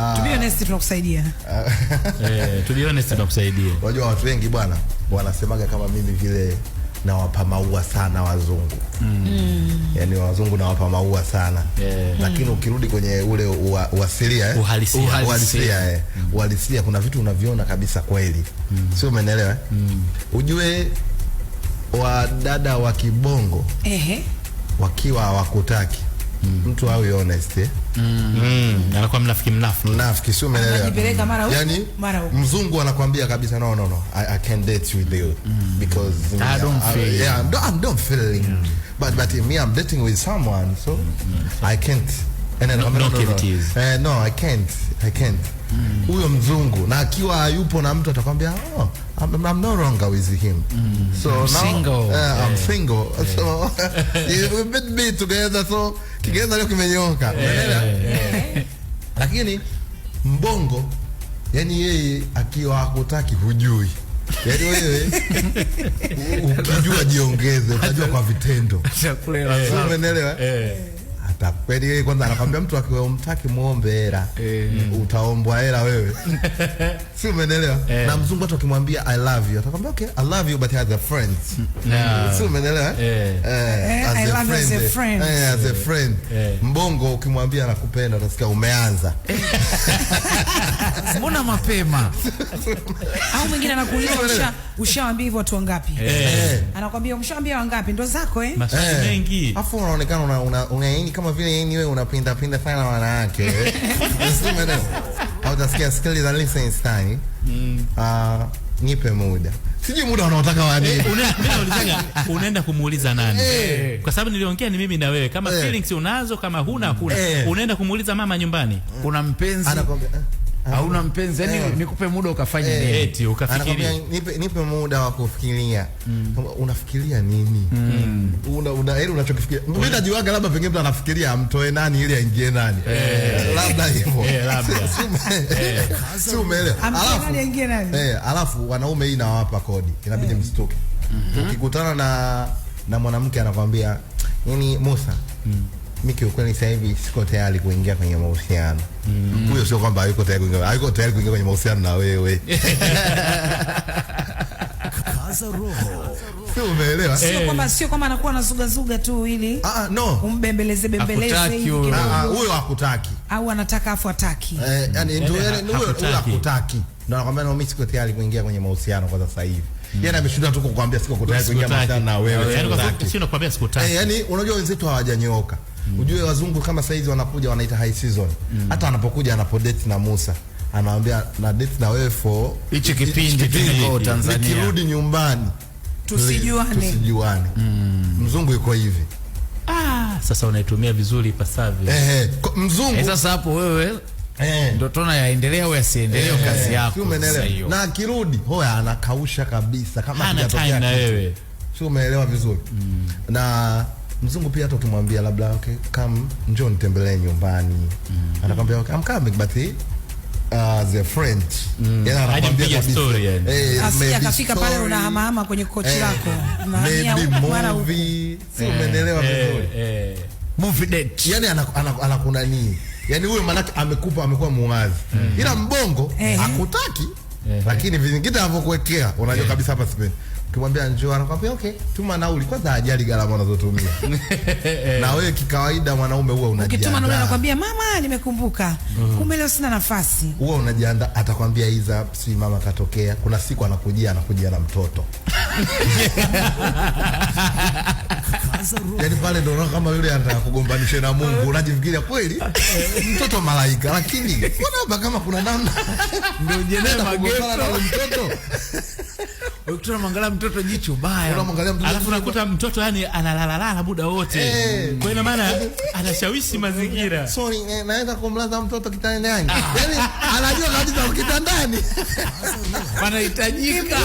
Ah. Ah. Eh, Unajua watu wengi bwana wanasemaga kama mimi vile nawapa maua sana wazungu mm. mm. Yani wazungu nawapa maua sana yeah. Lakini ukirudi kwenye ule uasilia eh? uhalisia, eh. mm. uhalisia kuna vitu unaviona kabisa kweli mm. Sio, umeelewa mm. Ujue wadada wa kibongo wakiwa hawakutaki Mm. mtu awe honest eh? mm. mm. anakuwa mnafiki mnafiki mnafiki, sio umeelewa? Mara yani mara huko mzungu anakuambia kabisa no no no I, I can't date with you mm. because I don't feel I, yeah, I don't, I don't feel yeah. but but me I'm dating with someone so mm. mm. I can't and then no, no, no, no. Uh, no I can't I can't huyo mm. mzungu na akiwa yupo na mtu atakwambia oh, I'm, I'm no longer with him mm. so now, single uh, single yeah. so yeah. we've been be together so Kiingereza leo kimenyoka, unaelewa? Lakini mbongo yani yeye akiwa hakutaki hujui yani wewe ukijua jiongeze, utajua kwa vitendo. Umeelewa? yeah na kweli kwanza anakwambia mtu akiwa umtaki muombe hela eh, utaombwa hela wewe si umeelewa eh. na mzungu hata ukimwambia I love you atakwambia okay I love you but as a friend no. si umeelewa eh. eh, eh, eh as, a friend. as a friend eh, as a eh. friend eh. mbongo ukimwambia anakupenda utasikia umeanza eh. mbona mapema au mwingine anakuuliza usha ushawaambia hivyo watu wangapi eh. anakwambia umshawaambia wangapi ndo zako eh maswali mengi afu unaonekana una, una, una, una kama kama vile yeye niwe unapinda pinda sana wanawake. Nasema na au tasikia sikiliza listen stani. Mm. Ah, uh, nipe muda. Sijui muda unaotaka wa nini. Eh, unaenda unaenda kumuuliza nani? Hey. Eh. Kwa sababu niliongea ni mimi na wewe. Kama hey, eh. feelings unazo kama huna huna. Hey. Unaenda kumuuliza mama nyumbani. Kuna mpenzi. Anakwambia Ah. hauna mpenzi yani, eh, nikupe muda ukafanye eh, Eti ukafikiria, nipe nipe muda wa kufikiria mm. Unafikiria nini? mm. una una heri yaani unachokifikiria mimi najiwaga, labda pengine mtu anafikiria amtoe nani ili aingie nani, eh. labda hivyo eh, labda si eh. umeelewa? Alafu aingie nani eh, alafu wanaume hii nawapa kodi, inabidi eh, msitoke mm -hmm. Ukikutana na na mwanamke anakwambia nini yaani Musa mm mi kiukweli sasa hivi siko tayari kuingia kwenye mahusiano. Huyo sio kwamba hayuko tayari kuingia, hayuko tayari kuingia kwenye mahusiano na wewe. Kaza roho. Sio umeelewa? Sio eh. kwamba sio kwamba anakuwa zuga tu ili ah, ah no. Umbembeleze bembeleze hivi. Ah, ah, huyo hakutaki. Au anataka afu ataki. Eh, yani ndio yale yaani, huyo huyo hakutaki. Na anakuambia na mimi siko tayari kuingia kwenye mahusiano kwa sasa hivi. Mm. Yeye yaani, ameshinda tu kukuambia siko tayari kuingia mahusiano na wewe. Yaani kwa sababu sio nakwambia siko tayari. Eh, yani unajua wenzetu hawajanyooka mm. Ujue wazungu kama saizi wanakuja wanaita high season mm. Hata anapokuja anapodate na Musa anaambia na date na wewe for hichi kipindi kwa Tanzania, nikirudi nyumbani tusijuane, tusijuane. Mm. Mzungu yuko hivi ah, sasa unaitumia vizuri ipasavyo eh, mzungu eh, sasa hapo wewe Eh. ndo tuna yaendelea au yasiendelee eh, kazi yako. Sio umeelewa. Na akirudi hoya anakausha kabisa kama hajatokea. Ana time na wewe. Sio umeelewa vizuri. Mm. Na mzungu pia hata ukimwambia labda okay, come njoo nitembelee nyumbani mm anakwambia okay, I'm coming but he, uh, as a friend mm. yeah, yaani anakwambia kabisa yani. hey, eh, asija pale unahamahama kwenye kochi hey, eh, lako maybe movie si umeelewa eh, vizuri eh movie date yani anakuna nini yani huyo manake amekupa amekuwa muwazi mm. ila mbongo eh. akutaki eh. lakini vingine anavyokuwekea unajua eh. kabisa hapa sipendi Kimwambia njoo, anakwambia okay, tuma nauli kwanza, ajali gharama unazotumia na wewe kikawaida, mwanaume huwa unajiandaa. Ukituma nauli anakwambia mama, nimekumbuka mm-hmm. kumbe leo sina nafasi. Huwa unajiandaa, atakwambia iza, si mama katokea. Kuna siku anakujia anakujia na mtoto Yaani pale ndo kama yule anataka kugombanisha na Mungu, unajifikiria kweli mtoto malaika, lakini mbona hapa kama kuna namna ndio jeneza mtoto ukitoa mwangalia mtoto jicho baya. Unamwangalia mtoto. Alafu unakuta mtoto yani analalala muda wote. Eh. Kwa hiyo maana anashawishi mazingira. Sorry, eh, naenda kumlaza mtoto kitandani. Ah. Yaani anajua kabisa kitandani. Wanahitajika.